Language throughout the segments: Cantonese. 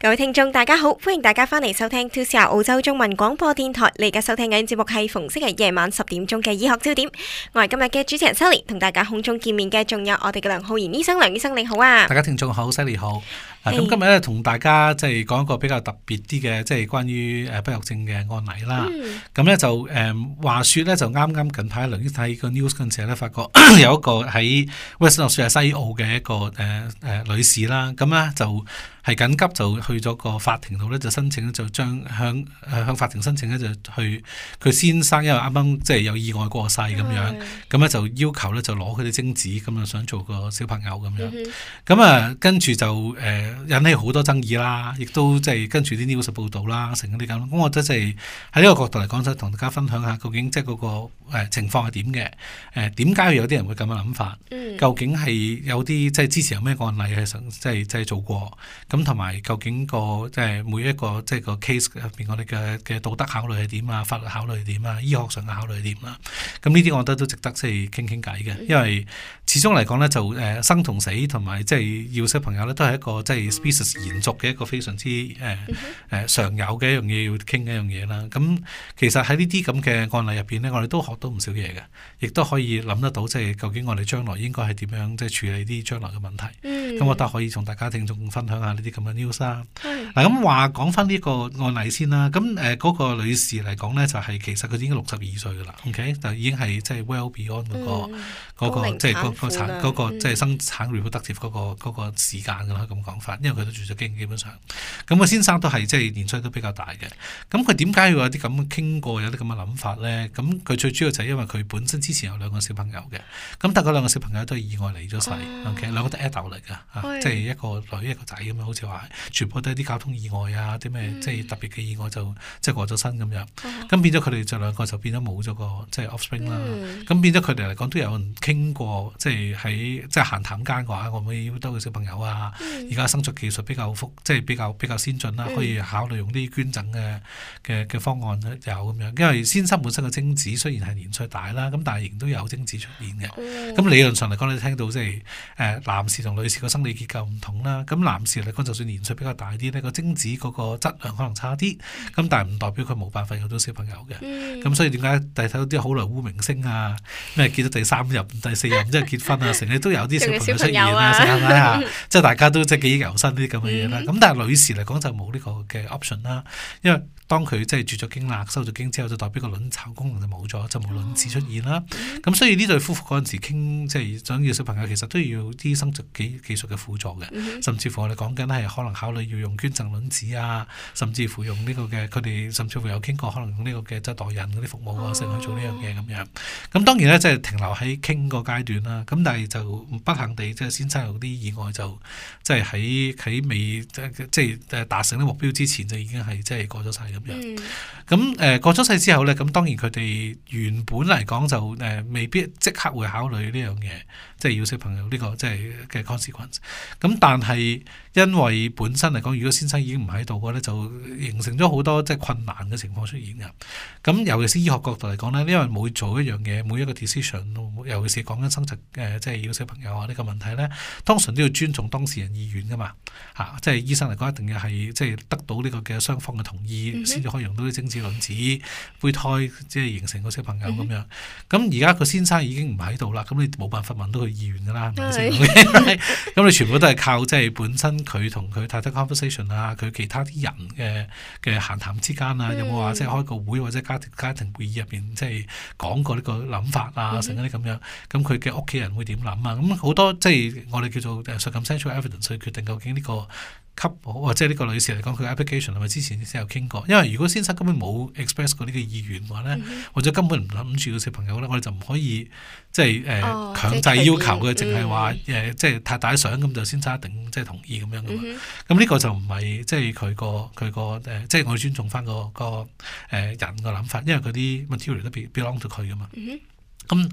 各位聽眾大家好，歡迎大家返嚟收聽 2CR 澳洲中文廣播電台。你而家收聽緊節目係逢星期日夜晚十點鐘嘅醫學焦點。我係今日嘅主持人 Sally，同大家空中見面嘅仲有我哋嘅梁浩然醫生。梁醫生你好啊！大家聽眾好，Sally 好。咁今日咧同大家即係講一個比較特別啲嘅，即係關於誒不育症嘅案例啦。咁咧就誒，話說咧就啱啱近排留意睇個 news c 嗰陣時咧，發覺有一個喺 Western Australia 係西澳嘅一個誒誒女士啦。咁咧就係緊急就去咗個法庭度咧，就申請咧就將向向法庭申請咧就去佢先生因為啱啱即係有意外過世咁樣，咁咧就要求咧就攞佢啲精子咁啊，想做個小朋友咁樣。咁啊，跟住就誒。引起好多爭議啦，亦都即係跟住啲 news 報道啦，成嗰啲咁。我覺得即係喺呢個角度嚟講，即係同大家分享下究竟即係嗰個情況係點嘅，誒點解會有啲人會咁嘅諗法？究竟係有啲即係之前有咩案例係成即係做過？咁同埋究竟個即係、就是、每一個即係、就是、個 case 入邊，我哋嘅嘅道德考慮係點啊？法律考慮係點啊？醫學上嘅考慮係點啦？咁呢啲我覺得都值得即係傾傾偈嘅，因為始終嚟講咧就誒、呃、生同死同埋即係要識朋友咧，都係一個即係。就是係 species 延續嘅一個非常之誒誒、呃、常有嘅一樣嘢要傾嘅一樣嘢啦。咁其實喺呢啲咁嘅案例入邊咧，我哋都學到唔少嘢嘅，亦都可以諗得到，即係究竟我哋將來應該係點樣即係處理啲將來嘅問題，咁、嗯、我覺得可以同大家聽眾分享下呢啲咁嘅 news 啦。嗱咁、嗯、話講翻呢個案例先啦。咁誒嗰個女士嚟講咧，就係其實佢已經六十二歲噶啦。OK，就已經係即係 well beyond 嗰、嗰個嗰、嗯嗰個即係嗰個產嗰即係生產 reproductive 嗰、嗰個嗰、嗰個時間噶啦。咁講。因為佢都住咗經基本上，咁、那、啊、個、先生都係即係年歲都比較大嘅，咁佢點解要有啲咁傾過有啲咁嘅諗法咧？咁佢最主要就係因為佢本身之前有兩個小朋友嘅，咁但嗰兩個小朋友都係意外離咗世、哦、，OK，兩個都 adult 嚟嘅，即係一個女一個仔咁樣，好似話全部都係啲交通意外啊，啲咩、嗯、即係特別嘅意外就即係過咗身咁樣，咁、哦、變咗佢哋就兩個就變咗冇咗個即係 offspring 啦、啊，咁、嗯、變咗佢哋嚟講都有人傾過，即係喺即係閒談間嘅話，可唔可以多個小朋友啊？而家生殖技術比較複，即係比較比較先進啦，嗯、可以考慮用啲捐贈嘅嘅嘅方案有咁樣，因為先生本身嘅精子雖然係年歲大啦，咁但係仍然都有精子出現嘅。咁、嗯、理論上嚟講，你聽到即係誒男士同女士個生理結構唔同啦，咁男士嚟講就算年歲比較大啲呢，個精子嗰個質量可能差啲，咁但係唔代表佢冇辦法有到小朋友嘅。咁、嗯、所以點解第睇到啲好萊塢明星啊，咩結到第三任、 第四任即係結婚啊，成日都有啲小朋友出現友啊？試下睇下，即係大家都即係幾人？投身啲咁嘅嘢啦，咁、mm hmm. 但係女士嚟講就冇呢個嘅 option 啦，因為當佢即係絕咗經啦、收咗經之後，就代表個卵巢功能就冇咗，就冇卵子出現啦。咁、mm hmm. 嗯、所以呢對夫婦嗰陣時傾，即係想要小朋友，其實都要啲生殖技技術嘅輔助嘅，mm hmm. 甚至乎我哋講緊係可能考慮要用捐贈卵子啊，甚至乎用呢個嘅佢哋，甚至乎有傾過可能用呢個嘅替代人嗰啲服務啊，成、mm hmm. 去做呢樣嘢咁樣。咁、嗯、當然咧，即係停留喺傾個階段啦。咁但係就不幸地，即係先生有啲意外就，就即係喺喺未即係達成啲目標之前，就已經係即係過咗世咁樣、嗯。咁誒過咗世之後咧，咁當然佢哋原本嚟講就誒未必即刻會考慮呢樣嘢，即、就、係、是、要小朋友呢、這個即係嘅 consequence。咁、就是、但係因為本身嚟講，如果先生已經唔喺度嘅話咧，就形成咗好多即係、就是、困難嘅情況出現噶。咁尤其是醫學角度嚟講咧，因為每做一樣嘢，每一個 decision，尤其是講緊生殖即係要小朋友啊呢個問題咧，通常都要尊重當事人意願噶嘛。吓、啊嗯，即係醫生嚟講，一定要係即係得到呢個嘅雙方嘅同意，先至可以用到啲精子卵子胚胎，即係形成個小朋友咁樣。咁而家個先生已經唔喺度啦，咁你冇辦法問到佢意願噶啦，係咁、嗯、你全部都係靠即係本身佢同佢太太 conversation 啊，佢其他啲人嘅嘅閒談之間啊，有冇話即係開個會或者家庭家庭會議入邊即係講過呢個諗法啊，成啲咁樣？咁佢嘅屋企人會點諗啊？咁好多即係我哋叫做 circumstantial evidence 去決定究竟呢個給或即係呢個女士嚟講佢 application 係咪之前先有傾過？因為如果先生根本冇 express 過呢個意願嘅話呢，或者、mm hmm. 根本唔諗住個小朋友呢，我哋就唔可以即係誒、呃哦、強制要求佢淨係話誒即係太大想咁就先生一定即係同意咁樣嘅嘛。咁呢、mm hmm. 個就唔係即係佢個佢個即係我尊重翻、嗰個、嗰個誒、呃、人個諗法，因為嗰啲 material 都 be belong 到佢嘅嘛。Mm hmm. 咁、嗯、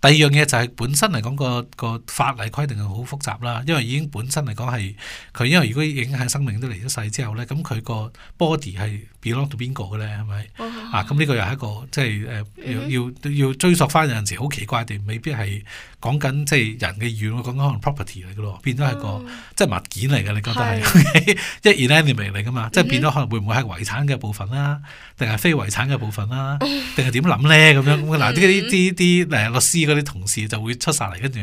第二樣嘢就係本身嚟講個個法例規定係好複雜啦，因為已經本身嚟講係佢，因為如果影響生命都離咗世之後呢，咁佢個 body 係 belong 到邊個嘅呢？係咪、哦、啊？咁呢個又係一個即係誒、呃嗯、要要追索翻有陣時好奇怪地，未必係。講緊即係人嘅嘢，我講緊可能 property 嚟嘅咯，變咗係個、嗯、即係物件嚟嘅。你覺得係，即係 inanimate 嚟噶嘛？即係變咗可能會唔會係遺產嘅部分啦，定係非遺產嘅部分啦，定係點諗咧？咁樣嗱，啲啲啲誒律師嗰啲同事就會出晒嚟，跟住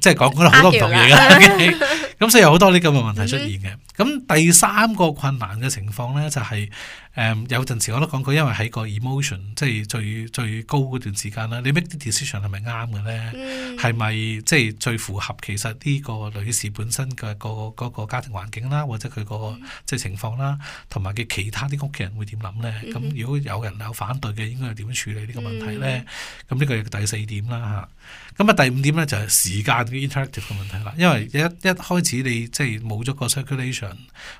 即係講好多唔同嘢嘅。咁了、 okay? 所以有好多呢咁嘅問題出現嘅。咁、嗯、第三個困難嘅情況咧，就係、是。誒、um，有陣時我都講過，因為喺個 emotion 即係最最高嗰段時間啦，你 make 啲 decision 係咪啱嘅咧？係咪、嗯、即係最符合其實呢個女士本身嘅、個嗰、個家庭環境啦，或者佢個、嗯、即係情況啦，同埋嘅其他啲屋企人會點諗咧？咁、嗯、如果有人有反對嘅，應該係點處理呢個問題咧？咁呢、嗯、個係第四點啦嚇。咁啊第五點咧就係、是、時間嘅 interactive 嘅問題啦。因為一一開始你即係冇咗個 circulation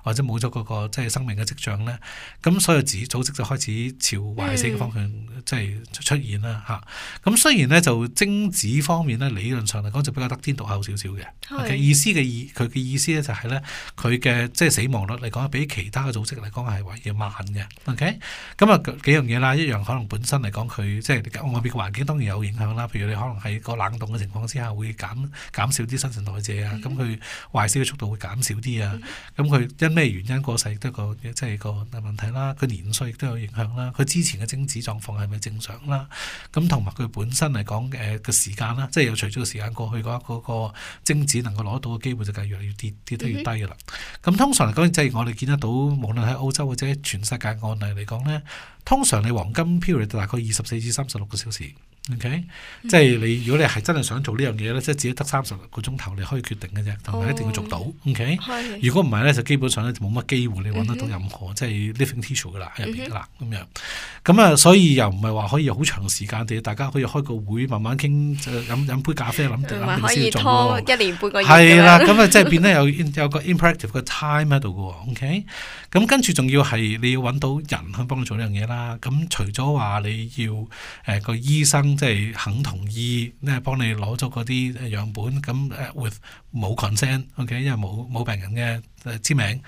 或者冇咗嗰個即係生命嘅跡象咧，咁、嗯。嗯所有子組織就開始朝壞死嘅方向即係出現啦嚇。咁、嗯、雖然呢，就精子方面呢，理論上嚟講就比較得天獨厚少少嘅。是 okay? 意思嘅意佢嘅意思呢，就係呢，佢嘅即係死亡率嚟講，比其他嘅組織嚟講係還要慢嘅。O K. 咁啊幾樣嘢啦，一樣可能本身嚟講佢即係外邊嘅環境當然有影響啦。譬如你可能喺個冷凍嘅情況之下會減減少啲新陳代謝啊，咁佢、嗯、壞死嘅速度會減少啲啊。咁佢、嗯嗯、因咩原因過世都係個即係個問題啦。佢年歲亦都有影響啦，佢之前嘅精子狀況係咪正常啦？咁同埋佢本身嚟講，誒嘅時間啦，即係有隨住個時間過去嘅話，嗰個精子能夠攞到嘅機會就會越嚟越跌跌得越低嘅啦。咁、mm hmm. 通常嚟講，即係我哋見得到，無論喺澳洲或者全世界案例嚟講咧，通常你黃金 period 大概二十四至三十六個小時。O.K.，即係你如果你係真係想做呢樣嘢咧，即係自己得三十個鐘頭，你可以決定嘅啫，同埋一定要做到。O.K.，,、oh, okay. 如果唔係咧，就基本上咧冇乜機會你揾得到任何、mm hmm. 即係 living tissue 嘅啦，喺入邊啦咁樣。咁、嗯、啊，所以又唔係話可以好長時間地，大家可以開個會慢慢傾，飲飲杯咖啡，諗定諗。咁啊、 嗯、可以拖一年半個月係啦，咁啊即係變得有有個 impressive 嘅 time 喺度嘅。O.K.，咁跟住仲要係你要揾到人去幫你做呢樣嘢啦。咁除咗話你要誒個醫生。Uh, uh, uh, uh, uh, uh, uh, uh, 即係肯同意，即係幫你攞咗嗰啲樣本，咁誒 with 冇、no、consent，O、okay? K，因為冇冇病人嘅誒簽名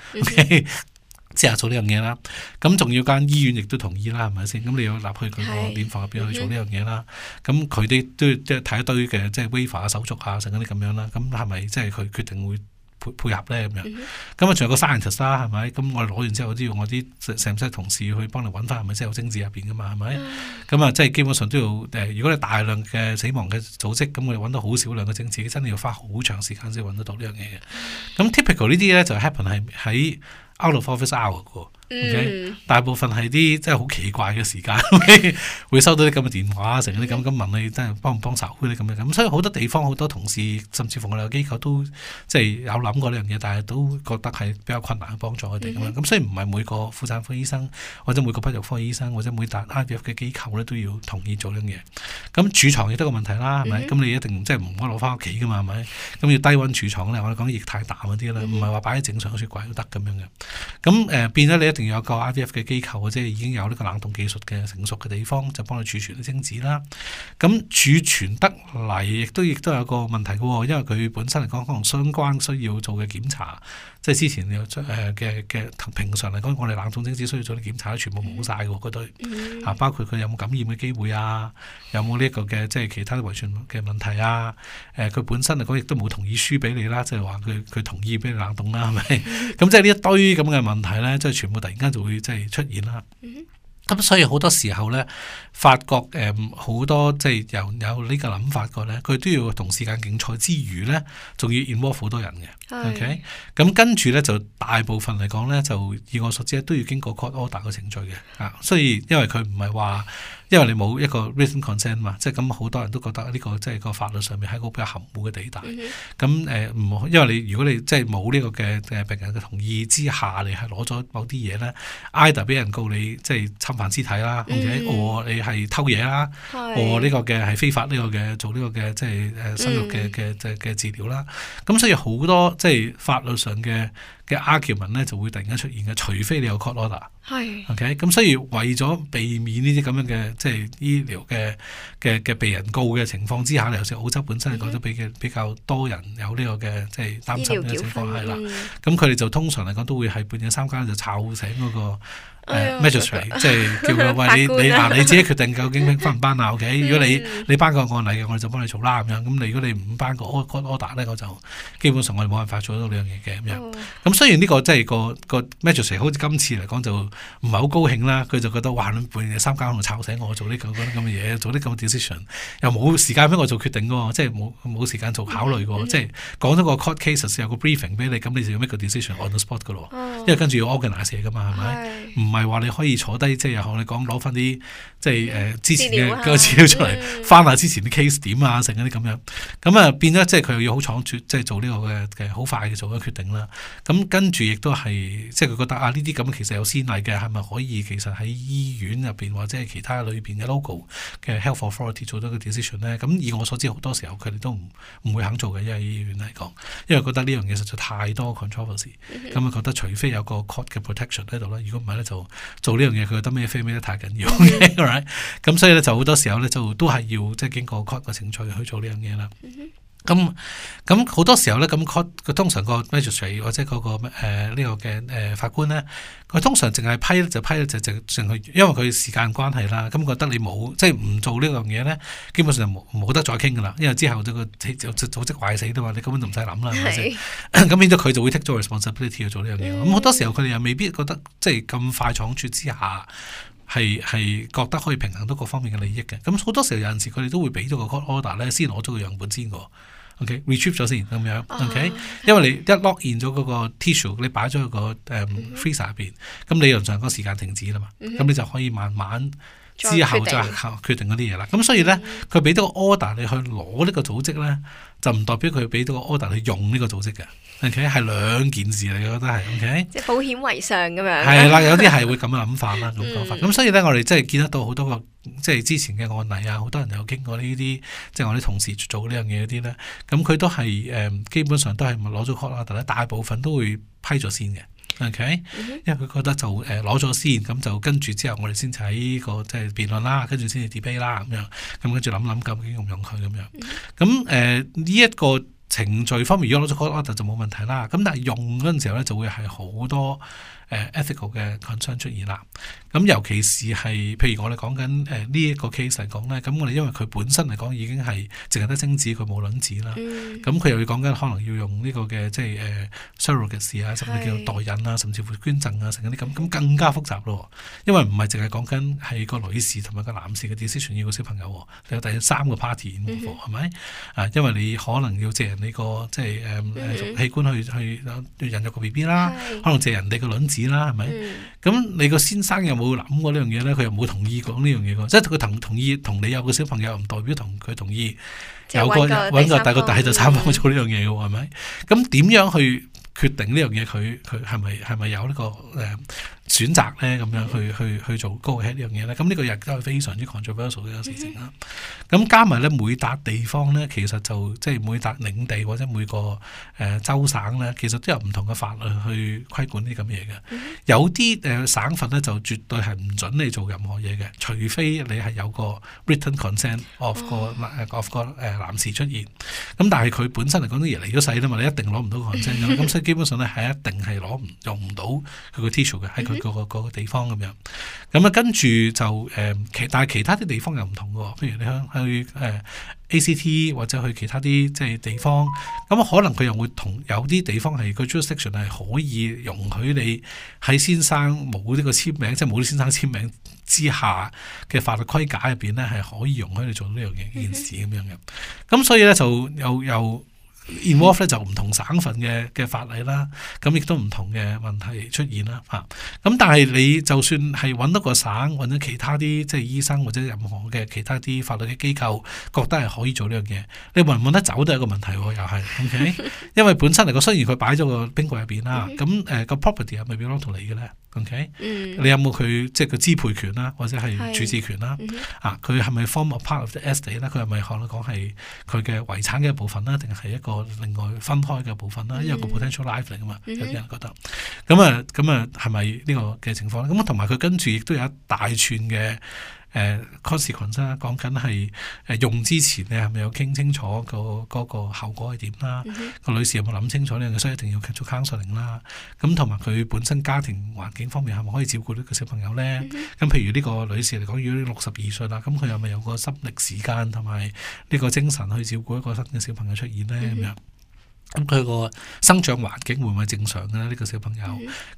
即 K，做呢樣嘢啦。咁仲要間醫院亦都同意啦，係咪先？咁你要立去佢個殮房入邊去做呢樣嘢啦。咁佢哋都要即係睇一堆嘅即係 waiver 嘅手續啊，成嗰啲咁樣啦。咁係咪即係佢決定會？配，配合呢，咁樣，咁啊、嗯、仲有個 scientist 啦，係咪？咁我攞完之後，我我啲成唔成同事去幫你揾翻係咪即係有精子入邊㗎嘛？係咪？咁啊，即係基本上都要如果你大量嘅死亡嘅組織，咁我揾到好少量嘅精子，真係要花好長時間先揾得到呢樣嘢嘅。咁 typical 呢啲呢，就 happen 係喺 out of office hour 嘅。Okay? mm hmm. 大部分係啲真係好奇怪嘅時間， 會收到啲咁嘅電話，成日啲咁咁問你，真係幫唔幫手啲咁嘅咁。所以好多地方好多同事，甚至乎我哋嘅機構都即係有諗過呢樣嘢，但係都覺得係比較困難去幫助佢哋咁樣。咁雖然唔係每個婦產科醫生或者每個不育科醫生或者每個 I V F 嘅機構咧都要同意做呢樣嘢，咁儲藏亦都個問題啦，係咪？咁、mm hmm. 你一定即係唔可以攞翻屋企嘅嘛，係咪？咁要低溫儲藏咧，我哋講液態氮嗰啲啦，唔係話擺喺正常雪櫃都得咁樣嘅。咁誒、呃呃、變咗你一定有個 IVF 嘅機構嘅啫，即已經有呢個冷凍技術嘅成熟嘅地方，就幫你儲存精子啦。咁儲存得嚟，亦都亦都有個問題嘅、哦，因為佢本身嚟講，可能相關需要做嘅檢查，即係之前有出誒嘅嘅平常嚟講，我哋冷凍精子需要做啲檢查，全部冇曬嘅嗰堆啊，包括佢有冇感染嘅機會啊，有冇呢一個嘅即係其他遺傳嘅問題啊？誒、呃，佢本身嚟講亦都冇同意書俾你啦，即係話佢佢同意俾你冷凍啦、啊，係咪？咁即係呢一堆咁嘅問題咧，即係全部。突然間就會即係出現啦。咁、mm hmm. 嗯、所以好多時候呢，發覺誒好多即係有有呢個諗法過呢，佢都要同時間競賽之餘呢，仲要演活好多人嘅。是 OK，咁跟住呢，就大部分嚟講呢，就以我所知都要經過 call order 嘅程序嘅。啊，所以因為佢唔係話。因為你冇一個 written consent 嘛，即係咁好多人都覺得呢、這個即係、就是、個法律上面喺一個比較含糊嘅地帶。咁誒唔，hmm. 因為你如果你即係冇呢個嘅病人嘅同意之下，你係攞咗某啲嘢咧，either 俾人告你即係、就是、侵犯屍體啦，mm hmm. 或者我你係偷嘢啦，我呢、mm hmm. 個嘅係非法呢個嘅做呢個嘅即係誒生育嘅嘅嘅嘅治療啦。咁、mm hmm. 所以好多即係、就是、法律上嘅。嘅 argument 咧就會突然間出現嘅，除非你有 court order 是。係。OK，咁所以為咗避免呢啲咁樣嘅即係醫療嘅嘅嘅被人告嘅情況之下，尤其澳洲本身係講咗比較比較多人有呢、這個嘅、嗯哼這個、即係擔心嘅情況係啦。咁佢哋就通常嚟講都會係半夜三更就吵醒嗰、那個。magistrate 即係叫佢話你你嗱你自己決定究竟拎翻唔翻啊。」OK 如果你你翻個案例嘅，我就幫你做啦咁樣。咁你如果你唔翻個 order 咧，我就基本上我哋冇辦法做到呢樣嘢嘅咁樣。咁雖然呢個即係個個 magistrate 好似今次嚟講就唔係好高興啦，佢就覺得哇兩半夜三更喺度吵醒我，做呢咁咁嘅嘢，做呢咁 decision 又冇時間俾我做決定㗎喎，即係冇冇時間做考慮㗎，即係講咗個 court cases 有個 briefing 俾你，咁你就要 make 個 decision on spot 㗎咯，因為跟住要 organize 嘢㗎嘛，係咪？係話你可以坐低，即係又學你講攞翻啲即係誒之前嘅資料出嚟，翻下 之前啲 case 點啊，成嗰啲咁樣。咁啊變咗即係佢又要好倉促，即係做呢個嘅嘅好快嘅做個決定啦。咁跟住亦都係即係佢覺得啊呢啲咁其實有先例嘅，係咪可以其實喺醫院入邊或者係其他裏邊嘅 logo 嘅 health authority 做到個 decision 咧？咁以我所知好多時候佢哋都唔唔會肯做嘅，因為醫院嚟講，因為覺得呢樣嘢實在太多 controversy，咁啊、嗯、哼覺得除非有個 court 嘅 protection 喺度啦，如果唔係咧就。做呢樣嘢佢覺得咩飛咩得太緊要嘅，咁、mm hmm. 所以咧就好多時候咧就都係要即係、就是、經過 c u 程序去做呢樣嘢啦。Mm hmm. 咁咁好多時候咧，咁通常個 judiciary 或者嗰個呢個嘅誒法官咧，佢通常淨係批就批就就上去，因為佢時間關係啦。根本覺得你冇即係唔做呢樣嘢咧，基本上冇冇得再傾噶啦。因為之後個組織壞死的話，你根本就唔使諗啦。咁變咗佢就會 take 咗 responsibility 去做呢樣嘢。咁好、嗯、多時候佢哋又未必覺得即係咁快倉促之下係係覺得可以平衡到各方面嘅利益嘅。咁好多時候有陣時佢哋都會俾咗個 order 咧，先攞咗個樣本先噶。OK，retrieve 咗先咁樣，OK，因為你一 lock in 咗嗰個 tissue，你擺咗喺個誒 freezer 入邊，咁理論上個時間停止啦嘛，咁你就可以慢慢。之後再決定嗰啲嘢啦，咁所以呢，佢俾到個 order 你去攞呢個組織呢，就唔代表佢俾到個 order 你用呢個組織嘅，OK？係兩件事嚟，你覺得係 OK？即保險為上咁樣。係 啦，有啲係會咁嘅諗法啦，咁講法。咁、嗯、所以呢，我哋真係見得到好多個，即係之前嘅案例啊，好多人有經過呢啲，即係我啲同事做呢樣嘢嗰啲呢。咁佢都係誒、嗯，基本上都係攞咗 cut 啦，但係大部分都會批咗先嘅。OK，、mm hmm. 因為佢覺得就誒攞咗先，咁就跟住之後我哋先睇個即係、就是、辯論啦，跟住先至 debate 啦咁樣，咁跟住諗諗，究竟用唔用佢咁樣，咁誒呢一個程序方面，如果攞咗 order 就冇問題啦，咁但係用嗰陣時候咧就會係好多。ethical 嘅 concern 困惱出現啦，咁尤其是係譬如我哋講緊誒呢一個 case 嚟講咧，咁我哋因為佢本身嚟講已經係淨係得精子，佢冇卵子啦，咁佢、嗯、又要講緊可能要用呢、呢個嘅即係誒 surrogate 嘅事啊，甚至叫代孕啊，甚至乎捐贈啊，成嗰啲咁，咁更加複雜咯。因為唔係淨係講緊係個女士同埋個男士嘅 decision 要個小朋友，你有第三個 party 係咪、嗯？啊，因為你可能要借人你個即係誒、呃、器官去去引入個 B B 啦，可能借人哋嘅卵子。啦，係咪、嗯？咁你個先生有冇諗過呢樣嘢咧？佢又冇同意講呢樣嘢嘅，即係佢同同意同你有個小朋友，唔代表同佢同意有個揾個,個大個大就參訪做呢樣嘢嘅，係咪、嗯？咁點樣去決定呢樣嘢？佢佢係咪係咪有呢、呢個誒？呃選擇咧，咁樣去去去做高戲呢樣嘢咧，咁呢個亦都係非常之 controversial 嘅事情啦。咁、mm hmm. 加埋咧每笪地方咧，其實就即係每笪領地或者每個誒州省咧，其實都有唔同嘅法律去規管呢啲咁嘢嘅。Mm hmm. 有啲誒省份咧就絕對係唔准你做任何嘢嘅，除非你係有個 written consent of 個誒、oh. 個誒男士出現。咁但係佢本身嚟講都嘢嚟咗世啦嘛，你一定攞唔到 consent 咁，mm hmm. 所以基本上咧係一定係攞唔用唔到佢個 tissue 嘅喺佢。個個個個地方咁樣，咁、嗯、啊跟住就誒、呃、其但係其他啲地方又唔同喎，譬如你去去誒、呃、ACT 或者去其他啲即係地方，咁、嗯、可能佢又會同有啲地方係個 jurisdiction 係可以容許你喺先生冇呢個簽名， 即係冇先生簽名之下嘅法律框架入邊咧，係可以容許你做呢樣嘢件事咁 樣嘅。咁、嗯、所以咧就又又。又 inward 咧就唔同省份嘅嘅法例啦，咁亦都唔同嘅問題出現啦嚇。咁、啊、但係你就算係揾到個省，揾到其他啲即係醫生或者任何嘅其他啲法律嘅機構，覺得係可以做呢樣嘢，你問唔問得走都係一個問題喎、啊，又係，okay? 因為本身嚟講，雖然佢擺咗個冰櫃入邊啦，咁誒個 property 係咪 belong to 你嘅咧？OK，mm hmm. 你有冇佢即係佢支配權啦，或者係處置權啦？Mm hmm. 啊，佢係咪 form a part of the estate 咧？佢係咪可能講係佢嘅遺產嘅一部分啦，定係一個另外分開嘅部分啦？Mm hmm. 因為個 potential life 嚟噶嘛，mm hmm. 有啲人覺得。咁啊，咁啊，係咪呢個嘅情況？咁同埋佢跟住亦都有一大串嘅。誒、uh, consequence 啦，講緊係誒用之前你係咪有傾清楚、那個嗰、那個效果係點啦？個、mm hmm. 女士有冇諗清楚呢？咧？所以一定要做 counseling 啦、啊。咁同埋佢本身家庭環境方面係咪可以照顧呢個小朋友呢？咁、mm hmm. 譬如呢個女士嚟講如果你六十二歲啦，咁佢係咪有個心力時間同埋呢個精神去照顧一個新嘅小朋友出現呢？咁、mm hmm. 樣。咁佢個生長環境會唔會正常嘅咧？呢、這個小朋友，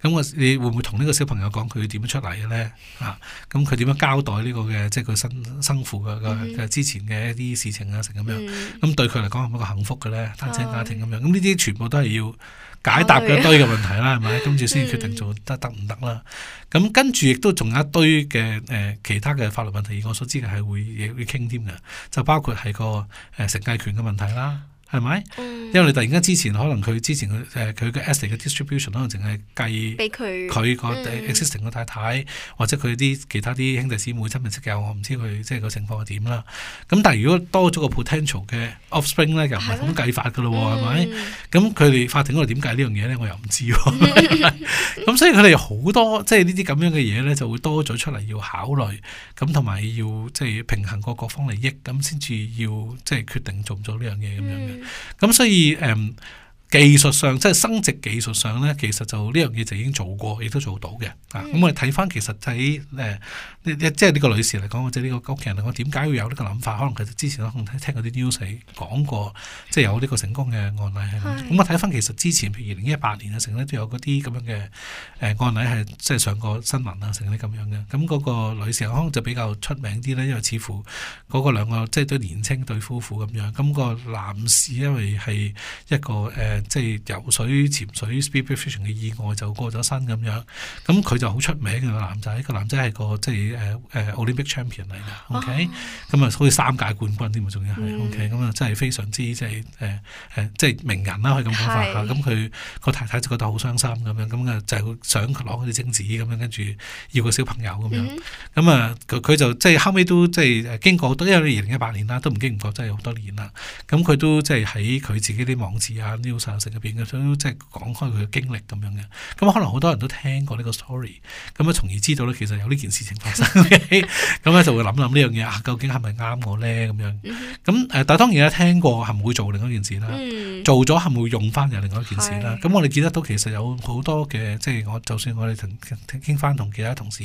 咁我、嗯嗯、你會唔會同呢個小朋友講佢點樣出嚟嘅咧？啊，咁佢點樣交代呢、這個嘅，即係佢生生父嘅之前嘅一啲事情啊，成咁、嗯嗯、樣，咁對佢嚟講係咪一個幸福嘅咧？單親家庭咁樣，咁呢啲全部都係要解答一堆嘅問題啦，係咪、哎？跟住先決定做得得唔得啦。咁跟住亦都仲有一堆嘅誒其他嘅法律問題，以我所知嘅係會會傾添嘅，就包括係個誒承繼權嘅問題啦。係咪？因為你突然間之前可能佢之前佢誒佢嘅 asset 嘅 distribution 可能淨係計佢、佢個 existing 個太太，或者佢啲其他啲兄弟姊妹、親朋戚友，我唔知佢即係個情況係點啦。咁但係如果多咗個 potential 嘅 offspring 咧，又唔係咁計法噶咯，係咪？咁佢哋法庭嗰度點計呢樣嘢咧？我又唔知喎。咁、嗯、 所以佢哋好多即係呢啲咁樣嘅嘢咧，就會多咗出嚟要考慮。咁同埋要即係平衡個各方利益，咁先至要即係決定做唔做呢樣嘢咁樣嘅。嗯咁所以誒。技術上即係生殖技術上咧，其實就呢樣嘢就已經做過，亦都做到嘅。啊、嗯，咁我哋睇翻其實喺誒呢即係呢個女士嚟講，或者呢個屋企人嚟講，點解要有呢個諗法？可能其實之前可能聽過啲 news 講過，即係有呢個成功嘅案例。咁、嗯、我睇翻其實之前，譬如二零一八年啊，成日都有嗰啲咁樣嘅誒案例係即係上過新聞啊，成啲咁樣嘅。咁、那、嗰個女士可能就比較出名啲咧，因為似乎嗰個兩個即係對年青對夫婦咁樣。咁、那個男士因為係一個誒。呃嗯即係游水、潛水、speed fishing 嘅意外就過咗身咁樣，咁佢就好出名嘅男仔，個男仔係個即係誒誒 Olympic champion 嚟㗎，OK，咁啊好似三屆冠軍添、嗯 okay? 嗯、啊，仲要係 OK，咁啊真係非常之即係誒誒，即係名人啦，可以咁講法嚇。咁佢是、嗯、個太太就覺得好傷心咁樣，咁啊就係想攞佢啲精子咁樣，跟住要個小朋友咁樣，咁啊佢就即係後尾都即係經過好多，因為二零一八年啦，都唔經唔覺真係好多年啦，咁佢都即係喺佢自己啲網址啊、流程入邊嘅都即係講開佢嘅經歷咁樣嘅，咁可能好多人都聽過呢個 story，咁啊從而知道咧其實有呢件事情發生，咁 咧 就會諗諗呢樣嘢啊，究竟係咪啱我咧咁樣？咁誒、mm hmm.，但係當然啦，聽過係唔會做另一件事啦，mm hmm. 做咗係唔會用翻又另外一件事啦。咁、mm hmm. 我哋記得到其實有好多嘅，即、就、係、是、我就算我哋同傾翻同其他同事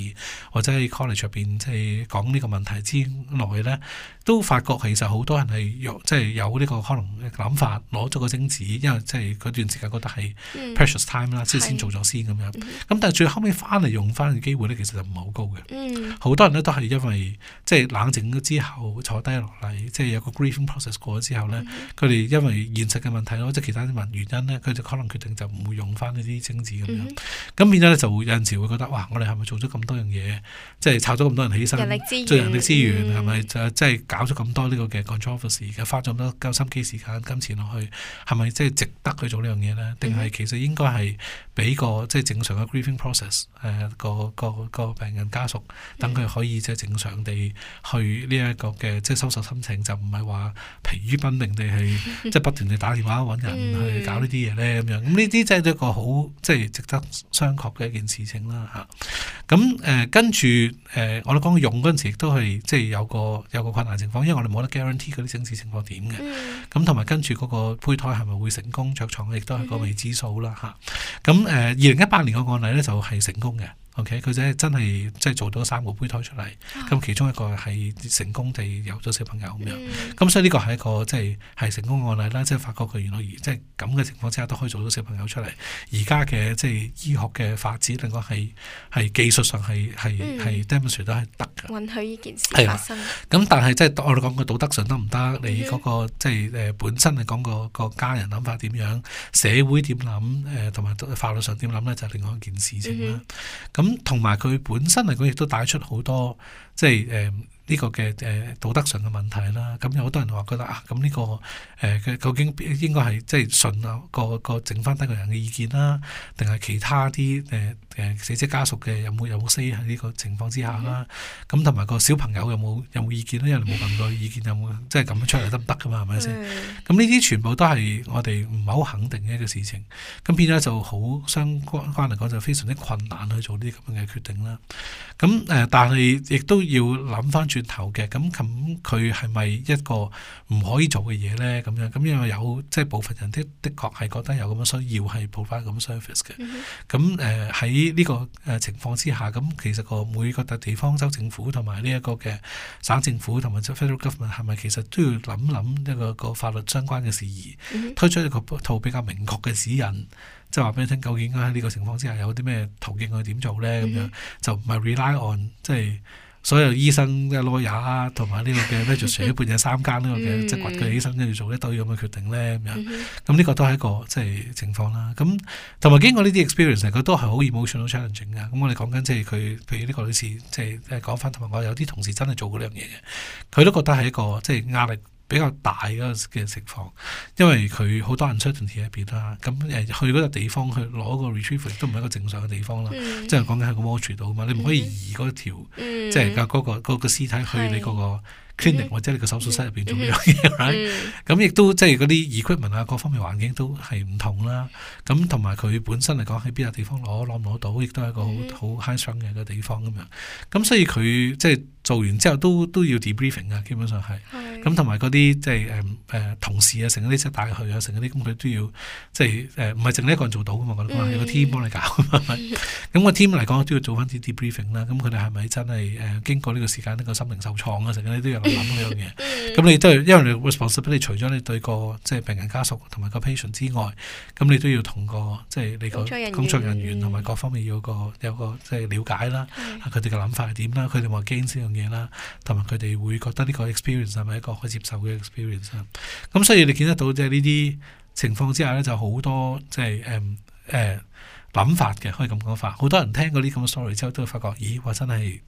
或者係 college 入邊即係講呢個問題之內咧，都發覺其實好多人係即係有呢個可能諗法，攞咗個精子，因為。即係嗰段時間覺得係 precious time 啦，嗯，先先做咗先咁樣。咁、嗯、但係最後尾翻嚟用翻嘅機會咧，其實就唔係好高嘅。好，嗯、多人咧都係因為即係、就是、冷靜咗之後坐低落嚟，即、就、係、是、有個 grieving process 過咗之後咧，佢哋、嗯、因為現實嘅問題咯，即係其他啲問原因咧，佢哋可能決定就唔會用翻嗰啲精子咁樣。咁、嗯、變咗咧，就會有陣時會覺得哇，我哋係咪做咗咁多樣嘢，即係炒咗咁多人起身，做人力資源係咪、嗯、就即、是、係搞咗咁多呢個嘅 controversy，而家花咗咁多交心機時間、金錢落去，係咪即係值得佢做呢樣嘢呢，定係其實應該係俾個即係正常嘅 grieving process，誒、呃、個個個病人家屬等佢可以即係正常地去呢、這、一個嘅即係收拾心情，就唔係話疲於奔命地去，即係不斷地打電話揾人去搞呢啲嘢呢。咁樣。咁呢啲真係一個好即係值得商榷嘅一件事情啦嚇。咁誒、呃、跟住誒、呃，我哋講用嗰陣時亦都係即係有個有個困難情況，因為我哋冇得 guarantee 嗰啲精子情況點嘅。咁同埋跟住嗰個胚胎係咪會成功着床，亦都係個未知數啦嚇。咁誒、mm，二零一八年個案例咧就係、是、成功嘅。OK，佢真係即係做咗三個胚胎出嚟，咁、哦、其中一個係成功地有咗小朋友咁樣，咁、嗯、所以呢個係一個即係係成功案例啦。即、就、係、係、發覺佢原來即係咁嘅情況之下都可以做咗小朋友出嚟。而家嘅即係醫學嘅發展，另外係係技術上係係係 damus 都係得嘅，嗯、允許呢件事發生。咁但係即係我哋講個道德上得唔得？嗯、你嗰、嗰個即係誒本身係講個、嗰個家人諗法點樣，社會點諗誒，同、呃、埋法律上點諗咧，就係、另外一件事情啦。咁、嗯。咁同埋佢本身嚟講，亦都帶出好多，即係。誒、呃。呢個嘅誒道德上嘅問題啦，咁有好多人話覺得啊，咁呢、呢個誒、呃、究竟應該係即係順啊個個整翻低個人嘅意見啦，定係其他啲誒誒死者家屬嘅有冇有冇 say 喺呢個情況之下啦？咁同埋個小朋友有冇有冇意見呢？有冇問過意見有冇、mm hmm. 即係咁樣出嚟得唔得噶嘛？係咪先？咁呢啲全部都係我哋唔係好肯定嘅一個事情，咁變咗就好相關嚟講就非常之困難去做呢啲咁樣嘅決定啦。咁誒，但係亦都要諗翻。轉頭嘅咁，咁佢係咪一個唔可以做嘅嘢呢？咁樣咁因為有即係部分人的的確係覺得有咁樣需要係補翻咁 service 嘅。咁誒喺呢個誒情況之下，咁其實個每個地方州政府同埋呢一個嘅省政府同埋州 federal government 係咪其實都要諗諗一,一個一個，一個法律相關嘅事宜，嗯、哼推出一個套比較明確嘅指引，即係話俾你聽，究竟喺呢個情況之下有啲咩途徑去點做呢？咁、嗯、哼樣就唔係 rely on 即係。所有醫生嘅 lawyer 啊，同埋呢個嘅 measurement 半夜三更，呢個嘅即係掘佢起身，跟住做啲對咁嘅決定咧咁樣，咁呢 個都係一個即係、就是、情況啦。咁同埋經過呢啲 experience，佢都係好 emotional challenging 噶。咁我哋講緊即係佢，譬如呢個女士即係講翻，同埋我有啲同事真係做過呢樣嘢嘅，佢都覺得係一個即係、就是、壓力。比較大嗰個嘅情況，因為佢好多人出盡嘢片啦，咁誒去嗰個地方去攞個 retrieval 都唔係一個正常嘅地方啦，嗯、即係講緊喺個 water 度啊嘛，你唔可以移嗰條，嗯、即係架嗰個嗰、嗰個屍體去你嗰、嗰個。Clinic, mm hmm. 或者你個手術室入邊、mm hmm. 做呢樣嘢，咁、right? 亦、mm hmm. 都即係嗰啲 equipment 啊，各方面環境都係唔同啦。咁同埋佢本身嚟講喺邊個地方攞攞唔攞到，亦都係一個好好 high stress 嘅個地方咁樣。咁、mm hmm. 所以佢即係做完之後都都要 debriefing 啊，基本上係。咁同埋嗰啲即係誒誒同事啊，成日啲即係帶入去啊，成嗰啲咁佢都要即係誒唔係淨係一個人做到噶嘛？我覺得係、mm hmm. 個 team 幫你搞。咁、mm hmm. 個 team 嚟講都要做翻啲 debriefing 啦。咁佢哋係咪真係誒經過呢個時間呢個,個心靈受創啊？成日啲都有。諗嗰樣嘢，咁你都係， 因為你 responsibility 除咗你對個即係病人家屬同埋個 patient 之外，咁你都要同個即係你個工作人員同埋各方面有個有個即係了解啦，佢哋嘅諗法係點啦，佢哋話驚呢樣嘢啦，同埋佢哋會覺得呢個 experience 係咪一個可接受嘅 experience 啊？咁所以你見得到即係呢啲情況之下咧，就好多即係誒誒。就是 um, uh, 諗法嘅，可以咁講法。好多人聽過啲咁嘅 story 之後都會發覺咦，我真係誒、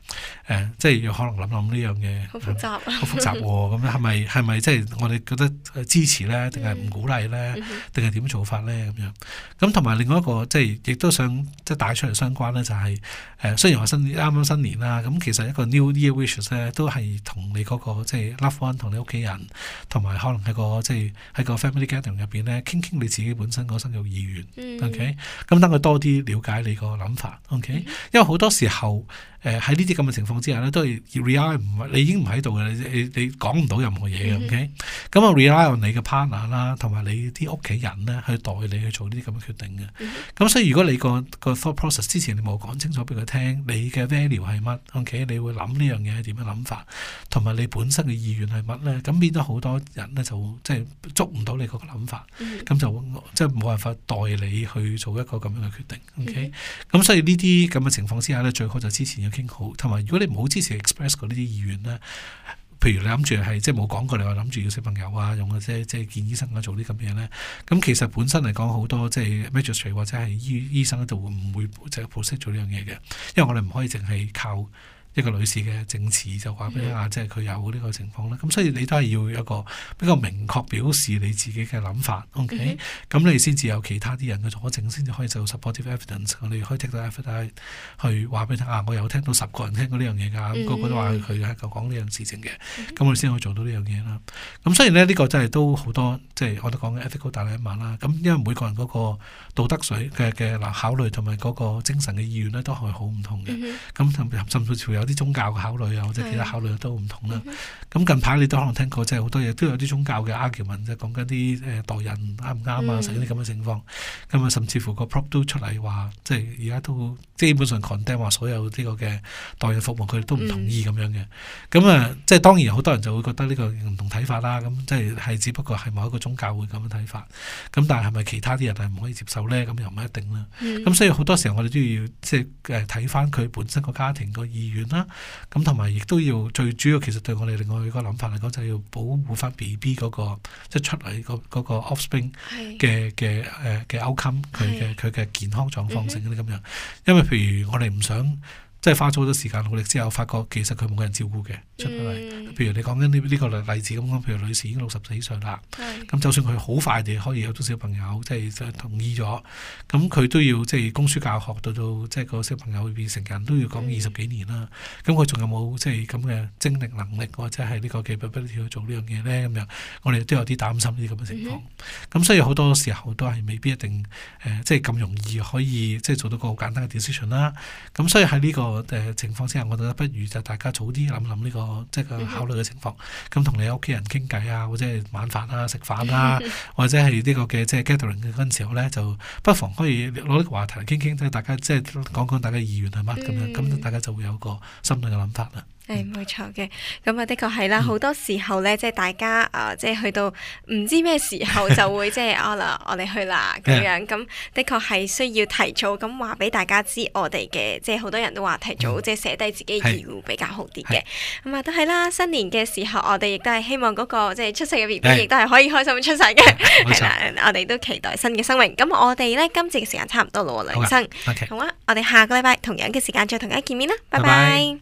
呃、即係要可能諗諗呢樣嘅。好複雜好複雜，喎、嗯。咁樣係咪係咪即係我哋覺得支持咧，定係唔鼓勵咧，定係點做法咧，咁樣咁，同埋另外一個即係亦都想即係帶出嚟相關咧，就係、是、誒、呃、雖然話新啱啱新年啦，咁、嗯、其實一個 New Year Wishes 咧、那個，都係同你個即係 Love One 同你屋企人，同埋可能係、那個即係喺個 Family Gathering 入邊咧，傾傾你自己本身個生育意願 OK。咁等佢多。多啲了解你個諗法，OK？因為好多時候。誒喺呢啲咁嘅情況之下咧，都係 rely 唔你已經唔喺度嘅，你你講唔到任何嘢嘅，OK？咁啊 rely on 你嘅 partner 啦，同埋你啲屋企人咧，去代理你去做呢啲咁嘅決定嘅。咁、mm hmm. 所以如果你個、嗰個 thought process 之前你冇講清楚俾佢聽，你嘅 value 係乜？OK？你會諗呢樣嘢係點樣諗法，同埋你本身嘅意願係乜咧？咁變咗好多人咧就即係、就係、捉唔到你嗰個諗法，咁、mm hmm. 就即係冇辦法代理你去做一個咁樣嘅決定。OK？咁、mm hmm. 所以呢啲咁嘅情況之下咧，最好就之前好，同埋如果你唔好支持 express 嗰啲意願咧，譬如你諗住係即係冇講過，你話諗住要小朋友啊，用嘅即即係見醫生啊，做啲咁嘢咧，咁其實本身嚟講好多即係 medical 或者係醫醫生咧，就會唔會淨係負責做呢樣嘢嘅，因為我哋唔可以淨係靠。一個女士嘅證詞就話俾你聽、啊，mm hmm. 即係佢有呢個情況啦。咁、mm hmm. 所以你都係要有一個比較明確表示你自己嘅諗法。OK，咁、mm hmm. 你先至有其他啲人嘅佐證，先至可以做 supportive evidence。我哋可以 take 到 evidence 去話俾佢聽啊，我有聽到十個人聽過呢樣嘢㗎，個個都話佢佢喺度講呢樣事情嘅。咁我先可以做到呢樣嘢啦。咁雖然咧呢、這個真係都好多，即係我都講嘅 ethical dilemma 啦。咁因為每個人嗰個道德水嘅嘅嗱考慮同埋嗰個精神嘅意願咧，都係好唔同嘅。咁甚至乎。有、hmm. mm。Hmm. 啲宗教嘅考慮啊，或者其他考慮都唔同啦。咁的近排你都可能聽過，即係好多嘢都有啲宗教嘅 argument，即係講緊啲誒、呃、代孕啱唔啱啊，嗯、成啲咁嘅情況。咁啊，甚至乎個 Pope 都出嚟話，即係而家都基本上 condemn 話所有呢個嘅代孕服務，佢哋都唔同意咁樣嘅。咁啊、嗯，即係當然好多人就會覺得呢個唔同睇法啦。咁即係係只不過係某一個宗教會咁樣睇法。咁但係係咪其他啲人係唔可以接受呢？咁又唔一定啦。咁、嗯、所以好多時候我哋都要即係睇翻佢本身個家庭、個意願啦，咁同埋亦都要最主要，其實對我哋另外一個諗法嚟講，就係、是、要保護返 B B 嗰個即係、就是、出嚟個嗰個 offspring 嘅嘅誒嘅是、呃、outcome 佢嘅佢嘅健康狀況性嗰啲咁樣，嗯、哼因為譬如我哋唔想。即係花咗好多時間努力之後，發覺其實佢冇人照顧嘅出到嚟。嗯、譬如你講緊呢呢個例子咁講，譬如女士已經六十四歲啦，咁是就算佢好快地可以有到小朋友，即、就、係、是、同意咗，咁佢都要即係供書教學到到即係個小朋友變成人都要講二十幾年啦。咁佢仲有冇即係咁嘅精力能力或者係呢個嘅不必做呢樣嘢呢？咁樣我哋都有啲擔心呢啲咁嘅情況。咁、嗯、哼所以好多時候都係未必一定即係咁容易可以即係、就是、做到個好簡單嘅 decision 啦。咁所以喺呢、這個，情況之下，我覺得不如就大家早啲諗諗呢個，即係個考慮嘅情況。咁同你屋企人傾偈啊，或者係晚飯啊、食飯啊， 或者係呢個嘅即係 gathering 嘅嗰時候呢，就不妨可以攞呢個話題嚟傾傾，即係大家即係講講大家意願係乜咁樣，咁大家就會有個心裏嘅諗法啦。係，冇錯嘅，咁啊的確係啦，好多時候咧，即係大家啊，即係去到唔知咩時候就會即係，哦啦，我哋去啦咁樣，咁的確係需要提早咁話俾大家知我哋嘅，即係好多人都話提早，即係寫低自己意會比較好啲嘅。咁啊都係啦，新年嘅時候我哋亦都係希望嗰個即係出世嘅 BB 亦都係可以開心咁出世嘅，係啦，我哋都期待新嘅生命。咁我哋咧今次嘅時間差唔多咯，梁生，好啊，我哋下個禮拜同樣嘅時間再同大家見面啦，拜拜。